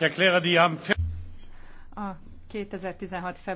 ich erkläre die am. a 2016.